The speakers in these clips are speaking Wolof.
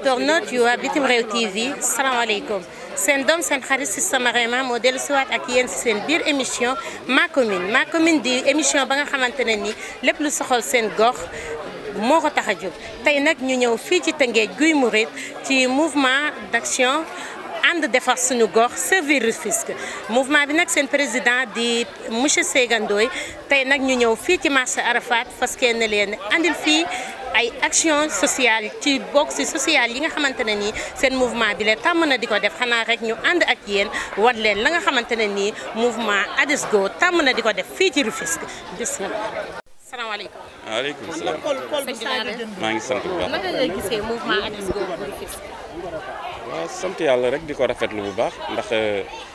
internautes yu habitim bitim réew TV salaamaaleykum seen doom seen xarit Sissama Réma moo dellu siwaat ak yéen si seen biir émission ma commune ma commune di émission ba nga xamante ni lépp lu soxal sen gox moo ko tax a jóg tey nag ñu ñëw fii ci Tëngéej Guy Mouride ci mouvement d'action ànd defar suñu gox servir Rufisque mouvement bi nag seen président di monsieur Sega Ndoye tey nag ñu ñëw fii ci marché Arafat fas yéene leen andil fii ay action sociale ci box sociale yi nga xamantene ni nii seen mouvement bi le tam na diko def xana rek ñu ànd ak yéen wan leen la nga xamantene ni nii mouvement ADESGO tam na diko def fi ci Rufisque gis alaykum wa alaykum salaam. ma ngi sant bu baax. naka nga gisee mouvement ADESGO bu wa sant yàlla rek diko rafet lu bu baax ndax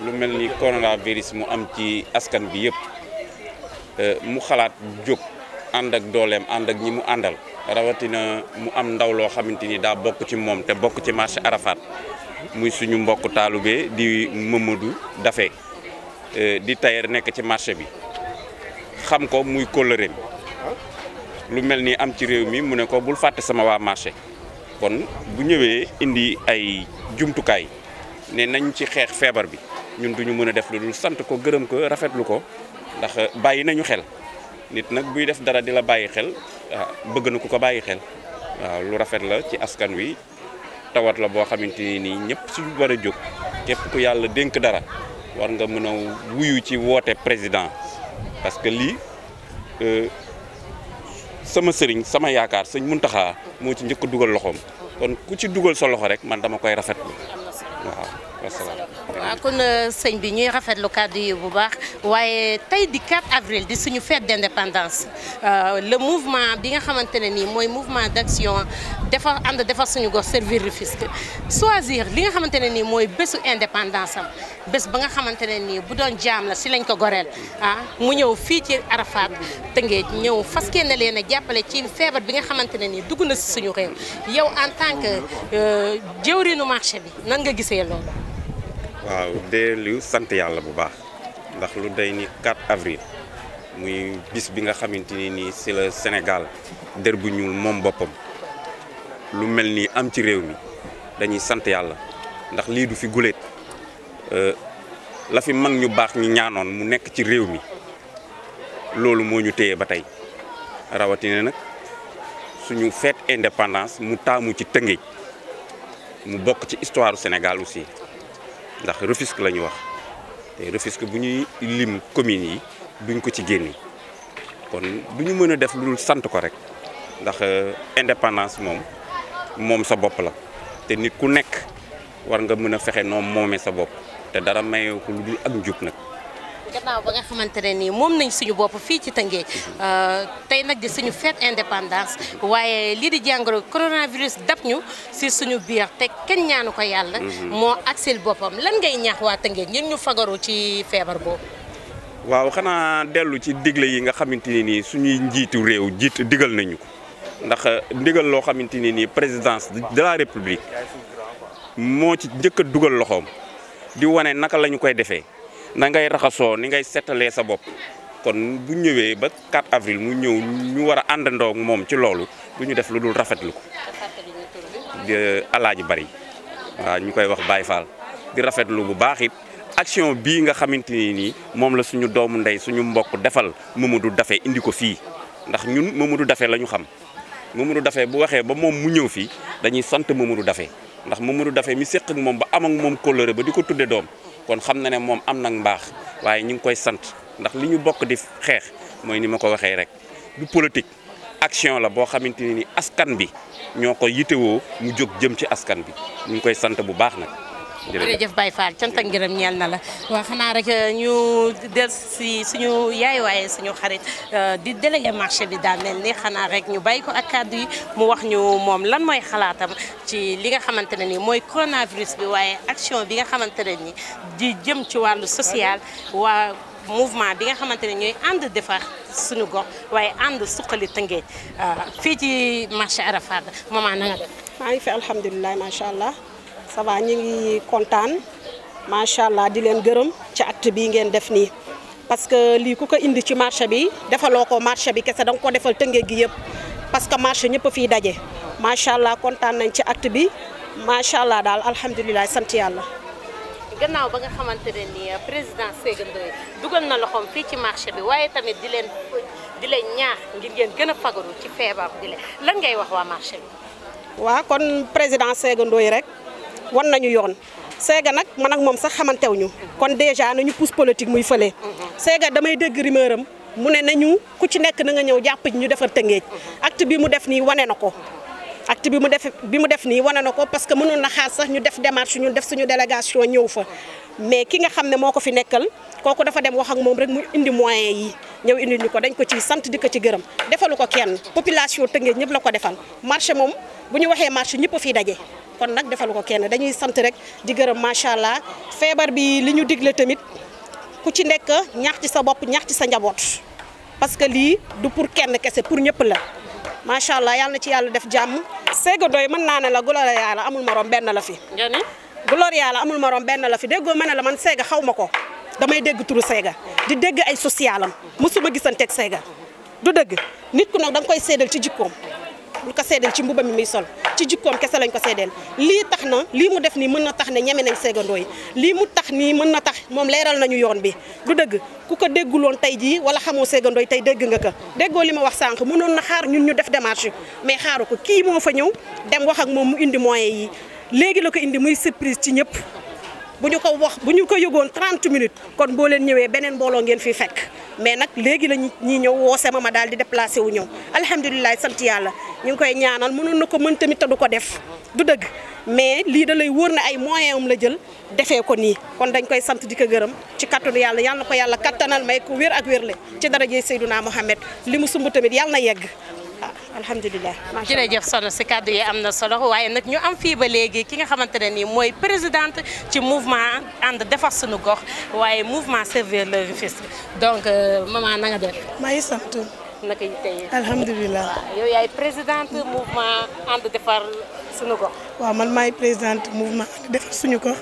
lu melni ni coronavirus mu am ci askan bi yëpp mu xalaat jóg ànd ak dooleem ànd ak ñi mu àndal. rawatina mu am ndaw loo xamante ni daa bokk ci moom te bokk ci marché Arafat muy suñu mbokk taalube di Mamadou Dafe e, di tailleur nekk ci marché bi xam ko muy kóllëreem lu mel ni am ci réew mi mu ne ko bul fàtte sama waa marché kon bu ñëwee indi ay jumtukaay ne nañ ci xeex feebar bi ñun duñu mën a def lu sant ko gërëm ko rafetlu ko ndax bàyyi nañu xel nit nag buy def dara di la bàyyi xel bëgg na ku ko bàyyi xel waaw lu rafet la ci askan wi tawat la boo xamante ni nii ñëpp su war a jóg képp ku yàlla dénk dara war nga mën a wuyu ci woote président parce que lii euh, sama sëriñ sama yaakaar sëñ Muntaxa moo ci njëkk dugal loxoom kon ku ci dugal sa loxo rek man dama koy rafetlu waaw wasalaam waaw kon euh, sëñ bi ñuy rafetlu kàddu yi bu baax waaye tey di 4 avril di suñu fête d'indépendance euh, le mouvement bi nga xamante ne nii mouvement d'action dafa ànd defar suñu gox servir Rufisque choisir li nga xamante ne nii mooy bésu indépendance am bés ba nga xamante ne nii bu doon jaam la si lañ ko goreel ah mu ñëw fii ci Arafat Tëngéej ñëw fas yéene leen a jàppale ci feebar bi nga xamante ne nii dugg suñu réew yow en tant que euh, jëwriñu marché bi nan nga gisee loolu. waaw dellu sant yàlla bu baax ndax lu day ni 4 avril muy bis bi nga xamante ni nii si la Sénégal der bu ñuul moom boppam lu mel ni am ci réew mi dañuy sant yàlla ndax lii du fi guléet euh, la fi mag ñu baax ñi ñaanoon mu nekk ci réew mi loolu moo ñu téye ba tey rawatine nag suñu feet indépendance mu taamu ci Tëngéej mu bokk ci histoire Sénégal aussi ndax Rufisque la ñu wax te Rufisque bu ñuy lim communes yi buñ ko ci génni kon du ñu mën a def lu dul sant ko rek ndax euh, indépendance moom moom sa bopp la te nit ku nekk war nga mën a fexe noo moomee sa bopp te dara mayeeku lu dul ak njub nag gannaaw ba nga xamante ne nii moom nañ suñu bopp fii ci Tëngéej tey nag di suñu fête indépendance waaye lii di jàngoro coronavirus dab ñu si suñu biir te kenn ñaanu ko yàlla moo agsil boppam lan ngay ñaax waa Tëngéej ngeen ñu fagaru ci feebar boobu waaw xanaa dellu ci digle yi nga xamante ni nii suñuy njiitu réew jiit digal nañu ko ndax euh, ndigal loo xamante ni nii présidence de la république moo ci njëkk a dugal di wane naka la koy defee na ngay raxaso ni ngay sa bop kon bu ñëwé ba 4 avril mu ñëw ñu wara a àndandoo ak mom ci loolu du ñu def lu dul rafetlu ko euh, alaaji bari wa ñu koy wax Baye Fall di rafetlu bu baax it action bi nga xamanteni ni mom la suñu doomu ndey suñu mbokk defal Mamadou dafé indi ko fi ndax ñun Mamadou dafé la xam Mamadou dafé bu waxé ba mom mu ñëw fi dañuy sante Mamadou dafé ndax Mamadou dafé mi sékk ak ba am ak mom ba diko tuddé doom kon xam na ne moom am nag mbaax waaye ñu ngi koy sant ndax li ñu bokk di xeex mooy ni ma ko waxee rek du politique action la boo xamante ni askan bi ñoo ko yitewoo mu jóg jëm ci askan bi ñu ngi koy sant bu baax nag jërëjëf Baye Fall cant ak ngërëm ñeel na la waaw xanaa rek euh, ñu del si suñu yaay waaye suñu xarit euh, di délégué marché bi daa mel ni xanaa rek ñu bàyyi ko ak kàddu yi mu wax ñu moom lan mooy xalaatam ci li nga xamante ne ni mooy coronavirus bi waaye action bi nga xamante ne ni di jëm ci wàllu social waa mouvement bi nga xamante ne ñooy ànd defar suñu gox waaye ànd suqali tëngéej euh, fii ci marché Arafat maman na nga def maa ngi fi alhamdulilah macha allah ça va ñu ngi kontaan macha allah di leen gërëm ci acte bii ngeen def nii. parce que lii ku ko indi ci marché bi defaloo ko marché bi kese da nga ko defal tëngéej gi yëpp parce que marché ñëpp a fiy daje macha allah kontaan nañ ci act bi macha allah daal alhamdulilah sant yàlla. gannaaw ba nga xamante ne ni président Séga Ndoye dugal na loxoom fii ci marché bi waaye tamit di leen di leen ñaax ngir ngeen gën a fagaru ci feebar bi la lan ngay wax waa marché bi. waaw kon président Séga rek. wan nañu yoon Séga nag ma nag moom sax xamantewuñu kon déjà nañu pousse politique muy fële Séga damay dégg rumeur am mu ne na ñu ku ci nekk na nga ñëw jàpp ñu defar Tëngéej acte bi mu def nii wane na ko acte bi mu def bi mu def nii wane na ko parce que mënoon na xaar sax ñu def démarche ñu def suñu délégation ñëw fa mais ki nga xam ne moo ko fi nekkal kooku dafa dem wax ak moom rek mu indi moyen yi ñëw indi ñu ko dañ ko ci sant di ko ci gërëm defalu ko kenn population Tëngéej ñëpp la ko defal marché moom bu ñu waxee marché ñëpp a fiy daje kon nag defalu ko kenn dañuy sant rek di gërëm macha allah feebar bi li ñu digle tamit ku ci nekk ñax ci sa bopp ñax ci sa njaboot parce que lii du pour kenn kese pour ñëpp la macha allah yàlla na ci yàlla def jàmm. Séga doy mën naa ne la gloire yàlla amul moroom benn la fi. jërëjëf gloire amul morom benn la fi déggoo ma ne la man Séga xaw ma ko damay dégg turu Séga di dégg ay socialam mosuma gisanteeg Séga du dëgg nit ku nag dan nga koy seedal ci jikkoom. duñ ko seedeel ci mbuba mi muy sol ci jikkoom kese lañ ko seedeel lii tax na lii mu def nii mën na tax ne ñeme nañ seegandoo yi lii mu tax nii mën na tax moom leeral nañu yoon bi du dëgg ku ko dégguloon tey jii wala xamoo seegandoo yi tey dégg nga ko déggoo li ma wax sànq mënoon na xaar ñun ñu def démarche mais xaaru ko kii moo fa ñëw dem wax ak moom mu indi moyens yi léegi la ko indi muy surprise ci ñëpp bu ñu ko wax bu ñu ko yëgoon trente minutes kon boo leen ñëwee beneen mbooloo ngeen fi fekk mais nag léegi la ñi ñëw woose ma ma daal di déplacé wu ñëw alhamdulilah sant yàlla ñu ngi koy ñaanal mënoon na ko mën tamit te du ko def du dëgg mais lii da lay wóor na ay moyen am la jël defee ko nii kon dañ koy sant di ko gërëm ci kattanu yàlla yàlla na ko yàlla kattanal may ko wér ak wér le ci darajey Seydunaa Mohamed li mu sumb tamit yàlla na yegg alhamdulilah jërëjëf solo si kàddu yi am na solo waaye nag ñu am fii ba léegi ki nga xamante ne nii mooy présidente ci mouvement ànd defar suñu gox waaye mouvement servir le Rufisque donc euh, maman na nga maa ngi sant naka yi tey présidente mouvement ànd defar waaw man maay présidente mouvement ànd defar suñu gox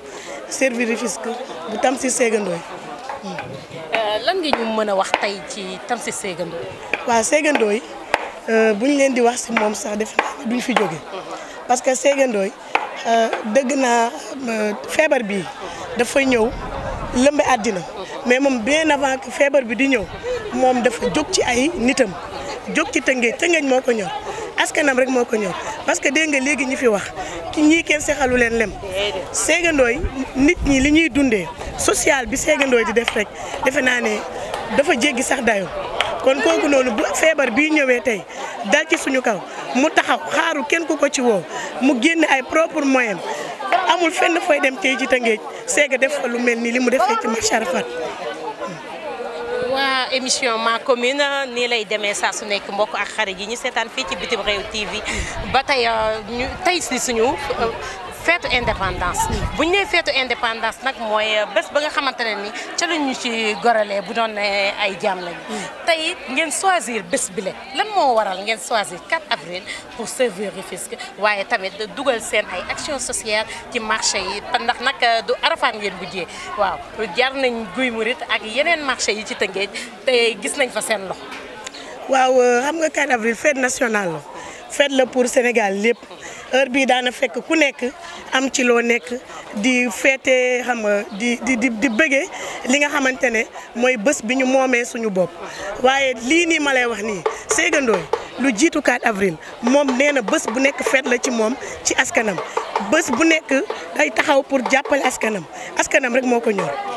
servir Rufisque bu tam si seegandooy euh, lan nga ñu mën a wax tey ci tam si seegandooy waaw Euh, bu ñu leen di wax si moom sax def naa duñ fi jóge parce que Séga Ndoye euh, dëgg naa euh, feebar bi dafa ñëw lëmbe àddina mais moom benn avant que feebar bi di ñëw moom dafa jóg ci ay nitam jóg ci tëngeej tëngeej moo ko ñor askanam rek moo ko ñor parce que dégg nga léegi ñi fi wax ki ñii kenn seexalu leen lem seegandooy nit ñi li ñuy dundee social bi seegandooy di def rek defe naa ne dafa jéggi sax dayoo kon kooku noonu bu feebar bii ñëwee tey dal ci suñu kaw mu taxaw xaaru kenn ku ko ci woo mu génn ay propre moyen amul fenn fooy dem tey ci Tëngéej seega def lu mel ni li mu defee ci marché Arafat waa émission ma commune nii lay demee saa su nekk mbokk ak xarit yi ñu seetaan fii ci bitim réew TV ba tey euh, ñu tey si suñu Fête indépendance bu ñé fête indépendance nak moy euh, bës ba nga xamante ne ni ca la ci goralee bu doon euh, ay jaam lañu. Mm. tay ngeen choisir bës bi la lan mo waral ngeen choisir 4 avril pour servir fisc waaye tamit duggal seen ay action sociale ci marché yi ndax nak euh, du arafaan ngeen bujjee waaw jar nañ Guy mourid ak yeneen marché yi ci Tëngéej tay gis nañ fa seen lox waaw xam nga 4 avril fête nationale fête la pour Sénégal lépp. heure bii daana fekk ku nekk am ci loo nekk di feete xam nga di di di di bëggee li nga xamante ne mooy bés bi ñu moomee suñu bopp waaye lii nii ma wax nii Séga lu jiitu 4 avril moom nee na bu nekk feet la ci moom ci askanam bës bu nekk day taxaw pour jàppale askanam askanam rek moo ko ñor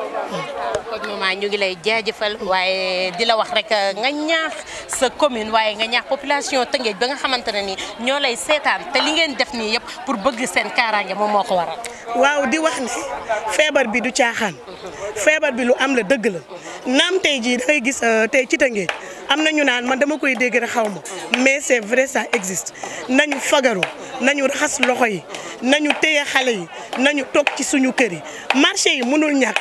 kon maman ñu ngi lay jaajëfal waaye di la wax rek eh, nga ñaax sa commune waaye nga ñaax population Tëngéej ba nga xamante ne nii ñoo lay seetaan te li ngeen def nii yëpp pour bëgg seen kaaraange moom moo ko waral. waaw di wax ne feebar bi du caaxaan feebar bi lu am la dëgg la naam tey jii da gis eh, tey ci Tëngéej am na ñu naan man dama koy dégg rek xaw ma mais c'est vrai ça existe nañu fagaru nañu raxas loxo yi nañu téye xale yi nañu toog ci suñu kër yi marché yi mënul ñàkk.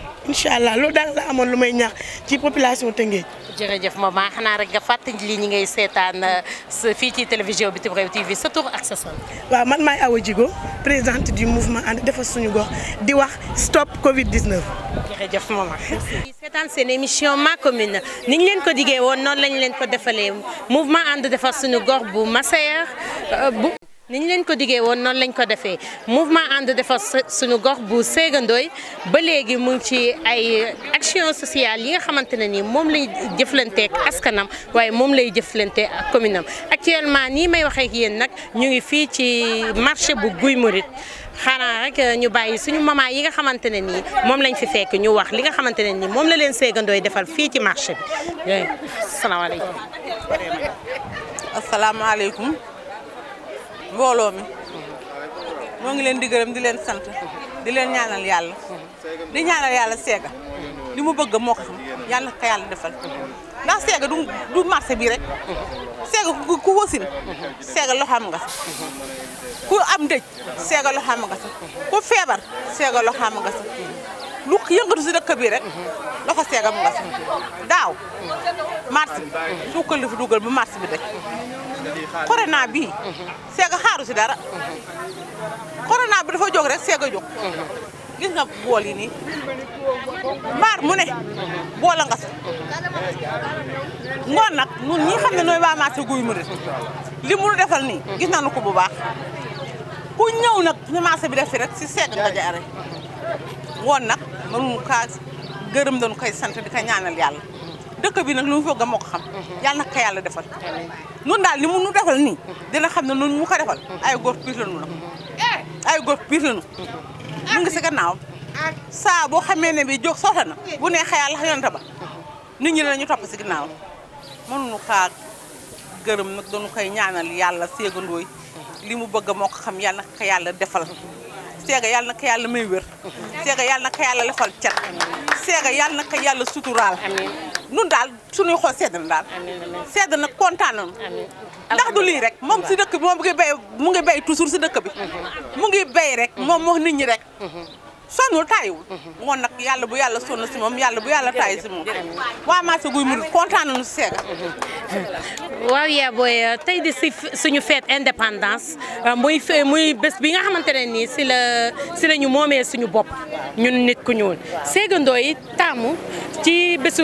incha allah loolu daal la amoon lu may ñaax ci population Tëngéej. jërëjëf maman xanaa rek nga fàttali lii ñi ngay seetaan euh, fii ci télévision Bitim Réew TV sa tur ak sa sant. waaw man maay Awa Djigo présidente du mouvement ànd defar suñu gox di wax stop Covid 19. jërëjëf maman. seetaan seen émission ma commune ni ñu leen ko diggee woon noonu lañu leen ko defalee mouvement ànd defar suñu gox bu Massaer euh, bu. niñ leen ko diggé won non lañ ko défé mouvement ànd defar suñu gox bu ségandoy ba légui mu ngi ci ay action sociale yi nga xamante ni mom lay jëflanté ak askanam waye mom lay jëflante ak communam actuellement ni may waxé ak yéen nak ñu ngi fi ci marché bu Guy Mouride xana rek ñu bàyyi suñu mama yi nga xamante ni mom lañ fi fekk ñu wax li nga xamante ni mom la leen ségandoy defal fi ci marché bi assalamu alaykum assalamu alaykum mbooloo mi moo ngi leen di gërëm di leen sant di leen ñaanal yàlla di ñaanal yàlla seega li mu bëgg moo ko xam yàlla ka yàlla defal ndax seega du du marché bi rek seega ku wasin seega loo xam nga sa ku am dëj seega loo xam nga sa ku feebar seega loo xam nga sa lu yëngatu si dëkk bi rek loxo seegam nga si daaw mars bi suukal li fi dugal mars bi daj corona bii seega xaaru si dara corona bi dafa jóg rek seega jóg gis nga bool yi nii mbaar mu ne boola nga si ngoon nag ñun xam ne nooy waa marché guy mu li mu defal nii gis nañu ko bu baax ku ñëw nag ni marché bi def si rek si seeg nga jaare woon nag mënu kaa gërëm dañu koy sant di ko ñaanal yàlla dëkk bi nag lu mu foog a moo ko xam yàlla nag ko yàlla defal nun daal ni mu nu defal nii dina xam ne nun mu ko defal ay góor piir lanu nag ay góor piir lanu mu saa boo xamee ne bi jóg soxla na bu neexee yàlla yonte ba nit ñi dañu topp si ginnaaw mënuñu kaa gërëm nag dañu koy ñaanal yàlla séegandooy li mu bëgg moo ko xam yàlla nag ko yàlla defal seega yàlla na ko yàlla may wér seega yàlla na ko yàlla lafal cat seega yàlla na ko yàlla suturaal nun daal suñuy xool sedd na daal sedd na kontaan nañu ndax du lii rek moom si dëkk bi moom mu ngi bay mu ngi bay toujours si dëkk bi mhm. mu ngi bay rek moom moo nit ñi rek mhm. sonnul taayiwul. moom nag yàlla bu yàlla sonn si moom yàlla bu yàlla taay si moom. waa marché Guy Marius kontaan nañu si seega. waaw yaa booy uh, tey di si suñu fête indépendance uh, muy muy bés bi nga xamante ne nii si la si la ñu moomee suñu bopp ñun nit ku ñuul séegandoo taamu ci bésu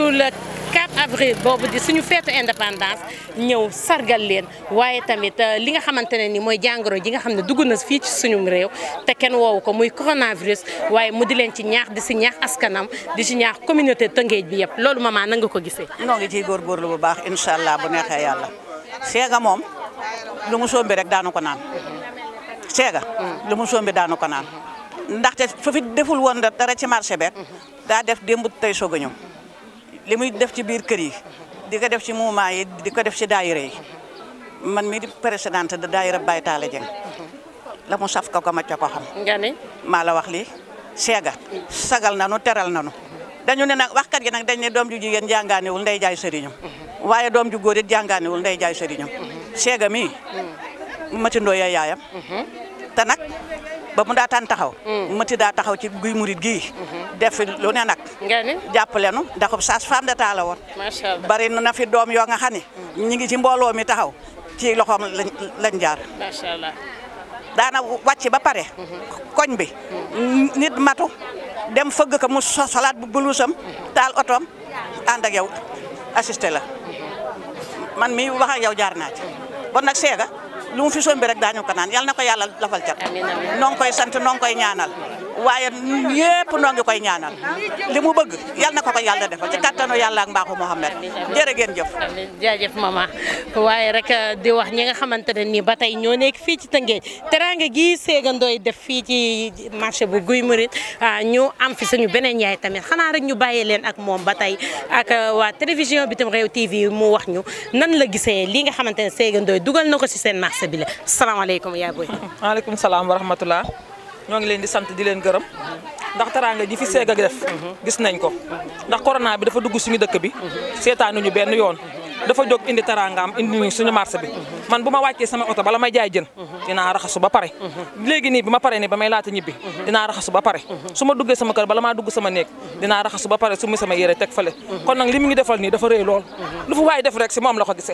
avril boobu di suñu feetu indépendance ñëw sargal leen waaye tamit euh, li nga xamante ne ni mooy jàngoro ji nga xam ne dugg na fii ci suñu réew te kenn woowu ko muy coronavirus waaye mu di leen ci ñaax di si ñaax askanam di si ñaax communauté Tëngéej bi yëpp loolu maman na nga ko gisee. noo ngi ciy góorgóorlu bu baax incha allah bu neexee yàlla seega moom lu mu sombi rek daanu ko naan seega lu mu sombi daanu ko naan ndaxte su fi deful woon dara ci marché bi daa def démb tey soog a ñëw li muy def ci biir kër yi di ko def ci mouvement yi di ko def ci daayira yi man mii di présidente de daayira Baye Talla Dieng la mu saf ko ko ma ca ko xam nga maa la wax lii seega sagal nu teral na nu dañu ne nag waxkat gi nag dañ ne doom ju jigéen jàngaanewul nday jaay sëriñam waaye doom ju góor it jàngaanewul nday jaay sëriñam seega mii Mati Ndoye yaayam mhm. te nag ba mu hmm. daa tan taxaw mëti da taxaw ci guy mouride gi mhm. def lu ne nag jàppale da ko sage-femme d'État la woon bari na fi dom yo nga xani hmm. ñi ngi ci mbolo mi taxaw ci loxom lañ jaar macha allah na wacc ba paré mhm. koñ bi hmm. nit matu dem feug ko mu salat bu otom, tal jauh, asistela, ak yow assister la man mi wax ak yow jaar na ci bon nak lu mu fi sombi rek daañu ko naan yal ko yàlla lafal cat noo ngi koy sant non koy ñaanal waaye ñëpp noo ngi koy ñaanal li mu bëgg yal na ko ko yàlla defal ci kattanu yàlla ak mbaaxu Mouhamed jërë ngeen jëf. jaajëf mama waaye rek euh, di wax ñi nga xamante ne nii ba tey ñoo nekk fii ci Tëngéej teraanga gii Séga Ndoye def fii ci marché bu Guy Mouride euh, ñu am fi suñu beneen yaay tamit xanaa rek ñu bàyyee leen ak moom ba tey ak euh, waa télévision Bitim Réew TV mu wax ñu nan la gisee li nga xamante ne Séga dugal na ko si seen marché bi la salaamaaleykum yaa booy. ñoo ngi leen di sant di leen gërëm ndax teraanga ji fi seeg ak def gis nañ ko ndax corona bi dafa dugg suñu dëkk bi ñu benn yoon dafa jog indi teraangaam indi ñu suñu marché bi man bu wacce sama auto bala may jaay jeun dina raxasu ba paré légui ni bi paré pare bamay laata ñibbi dina raxasu ba paré suma duggé sama kër bala ma dugg sama néeg dina raxasu ba paré suma sama yére teg fale kon nak limi ngi defal ni dafa rëy lool lu fu way def rek ci mom la ko gissé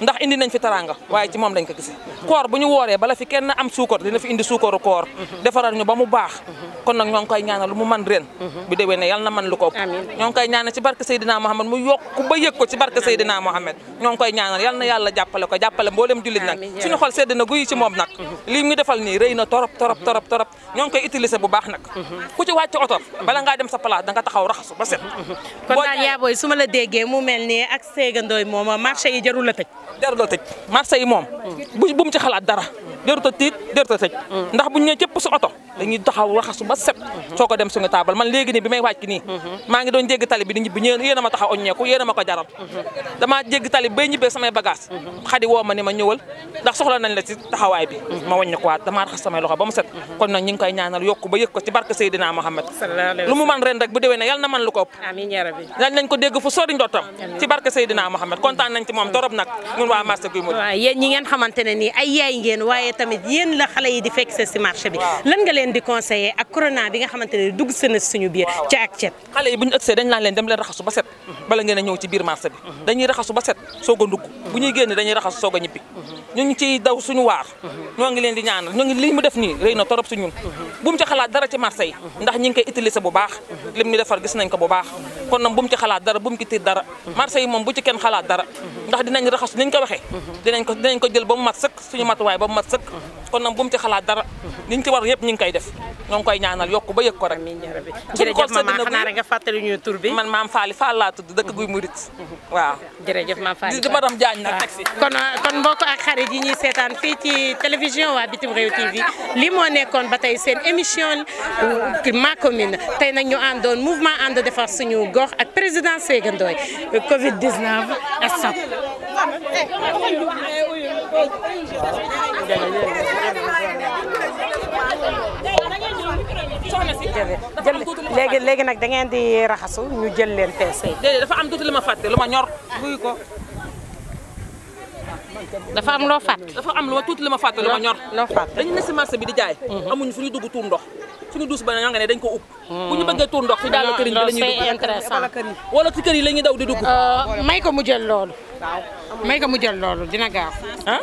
ndax indi nañ fi teraanga waaye ci mom lañ ko gissé koor buñu woré bala fi kenn am sukor, dina fi indi suukaru koor defaral ñu ba mu baax kon nak ñong koy ñaanal lu mu man ren bi déwee ne yalla na man lu ko ñong koy ñaan ci barke Seydina Muhammad mu yokk ba yëg ko ci barke Seydina Muhammad Mohamed ñoo ngi koy ñaanal yal na yàlla jàppale ko jàppale mboolem jullit nag suñu xol sedd na guy ci moom nag lii ñu defal nii rëy torop torop torop torop koy utiliser bu baax nag mhm. ku ci wàcc bala ngaa dem sa place da nga taxaw raxasu ba set mhm. kon daal yaa booy ma la déggee mu mel ni ak séegandooy moom marché yi jarul la tëj jarul la yi moom mhm. bu mu ci xalaat dara jërut a tiit jërut a sëj mm. ndax bu ñu nee cëpp su oto dañuy taxaw raxasu ba set mm-hmm. soo ko dem su nga taabal man léegi nii bi may wàcc nii mm-hmm. maa ngi doon jégg tali bi a ma taxaw ma ko jaral mm-hmm. damaa jégg tali bay ñibbee samay bagage xadi woo ma ni ma ñëwal ndax soxla nañ la ci taxawaay bi ma waññukuwaat damaa raxas samay loxo ba mu set kon nag ñu ngi koy ñaanal yokku ba yëg ko ci barke Seydina Muhammad lu mu man ren rek bu déwénee yal na man lu ko ëpp nañ ko dégg fu sori njottam ci barke Seydina Muhammad tamit yéen la xale yi di fekk sa ci marché bi lan nga leen di conseiller ak corona bi nga xamanteni ne dugg sa suñu biir ci ak ciet xale yi buñu ñu dañ lan leen dem leen raxasu ba set bala ngeen ñëw ci biir marché bi dañuy raxasu ba set soog a buñu génn dañuy raxasu soog a ñibbi ñu ngi ciy daw suñu waar ñoo ngi leen di ñaanal ñoo ngi li mu def ni reyna torop suñun bu mu ci xalaat dara ci marché yi ndax ñi ngi koy utiliser bu baax lim ñu defar gis nañ ko bu baax kon nag bu ci xalaat dara bu ci tir dara marché yi mom bu ci kenn xalaat dara ndax dinañ raxasu niñ ko waxe dinañ ko dinañ ko jël ba mu mat sëkk suñu matuwaay ba mu mat sëkk rek kon nag bu mu ci xalaat dara li ñu ci war yëpp ñu ngi koy def ñoo ngi koy ñaanal yokk ba yëg ko rek jërëjëf maman xanaa rek nga fàttali ñu tur bi man maam Faali Fall laa tudd dëkk guy Mourid waaw jërëjëf ma Faali di madame Diagne nag taxi kon kon mbokk ak xarit yi ñuy seetaan fii ci télévision waa bitim réew TV li moo nekkoon ba tey seen émission ma commune tey nag ñu àndoon mouvement ànd defar suñu gox ak président Séga Ndoye Covid 19 ak léegi léegi nag da ngeen di raxasu ñu jël leen peese. déedéet dafa am tuuti lu ma fàtte lu ma ñor buy ko. am loo fàtte. dafa am lu ma lu ma fàtte lu ma ñor. loo fàtte dañu ne si marché bi di jaay. Mhm. amuñu fu ñu dugg tuur ndox. suñu duus ba ne ne dañ ko upp mhm. bu ñu bëggee tuur ndox ci daal kër yi la ñuy wala ci kër yi la ñuy daw di dugg. Euh, may ko mu jël loolu. may ko mu jël lolu dina gaaw ah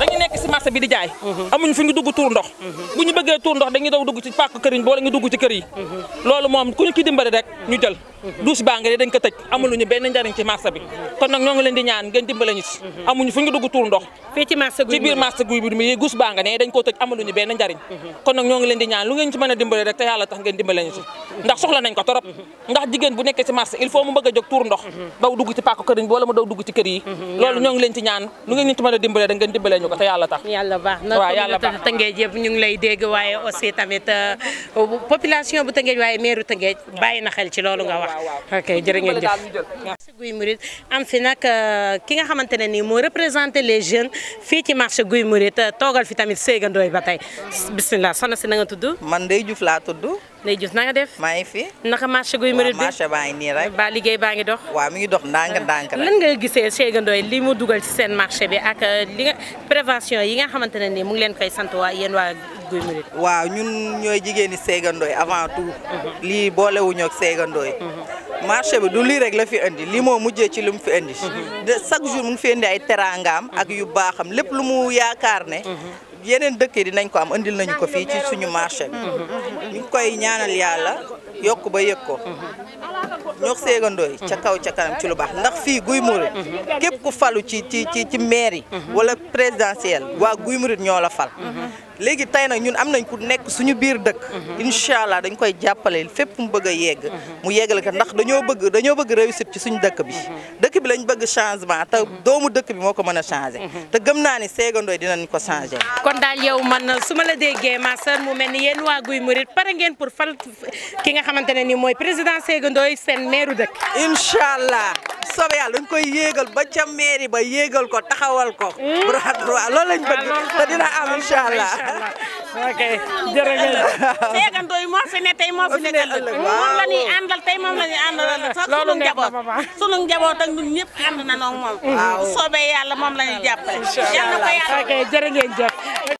dañu nek ci marché bi di jaay mhm. amuñ fu ñu dugg tour ndox mhm. buñu ñu tour ndox dañu daw dugg ci pàkk kërign bo la ñu dugg ci kër yi mhm. lolu mom kuñu ki dimbali rek ñu jël douche baa nga dañ ko tejj amuñu ñu benn njariñ ci marché bi kon nak ñong ngi leen di ñaan gën dimbale ñu si amuñu fu ñu dugg tour ndox fi ci marché guuy ci biir marché guuy bi mi douche baa nga ne dañ tejj amuñu ñu benn njariñ kon nak ñong ngi leen di ñaan lu ngeen ci mëna a rek te yalla tax gën dimbale ñu ndax soxla nañ ko torop ndax jigen bu nekkee ci marché il faut mu bëgg jog tour ndox daw dugg ci pàkk kërign bo la mu daw dugg dugg ci kër mhm, loolu ñoo ngi leen ci ñaan nu ngeen ñu ci mën a dimbalee da ngeen dimbalee ñu ko te yàlla tax yàlla baax na waaw yàlla baax Tëngéej yëpp ñu ngi lay dégg waaye aussi tamit euh, population bu Tëngéej waaye maire Tëngéej bàyyi na xel ci loolu nga wax ok jërë ngeen jëf marché Guy Mouride am fi nag euh, ki nga xamante ne nii moo représenté les jeunes fii ci marché Guy Mouride toogal fi tamit séegandooy ba tey bismillah soxna si na nga tudd man Ndeye Diouf laa tudd Ndeye Diouf na nga def. maa ngi fi. naka marché guy mënul bi baa ngi nii rek. ba liggéey baa ngi dox. waa mi ngi dox ndànk-ndànk rek. lan nga gisee seegandooy Ndoye li mu dugal ci seen marché bi ak euh, li nga prévention yi nga xamante ne nii mu ngi leen koy sant waa yéen waa guy ñun ñooy jigéeni Cheikh Ndoye avant mhm. lii boolewuñu ak Cheikh mhm. marché bi du lii rek la fi indi lii moo mujjee ci lu mu fi indi. Mhm. de chaque jour mu ngi fi indi ay teraangaam. ak yu baaxam lépp lu mu yaakaar ne. yeneen dëkk yi dinañ ko am indil nañu ko fii ci suñu marché bi. Mhm. ñu koy ñaanal yàlla yokk ba yëg ko. ñoo seegandoo yi ca kaw ca kanam ci lu baax ndax fii Guy Mouride képp ku falu ci ci ci ci mairie. Mhm. wala présidentiel waa Guy Mouride ñoo la fal. Mhm. léegi tey nag ñun am nañ ku nekk suñu biir dëkk mhm. incha allah dañ koy jàppale fépp fu mu bëgg a yegg mhm. mu yeggale ko ndax dañoo bëgg dañoo bëgg réussite ci suñu dëkk bi mhm. dëkk bi lañ bëgg changement te doomu dëkk bi moo ko mën a changé te gëm naa ni seegandooy dinañ ko changé kon daal yow man su ma la déggee ma sœur mu mel ni yéen waa Guy Mouride pare ngeen pour fal ki nga xamante ne ni mooy président Séga Ndoye seen maire dëkk incha allah soobee yàlla dañ koy yéegal ba ca mairie ba yéegal ko taxawal ko. Hmm? bras droit loolu lañ bëgg ba ah, dina am incha allah. ok jërëjëf. seegandoo yi moo fi ne tey moo fi ne ëllëg moom la ñuy àndal tey moom la ñuy àndal ëllëg. loolu neex na ma baax sunu njaboot ñëpp ànd na noog moom. waaw soobee yàlla moom la na ko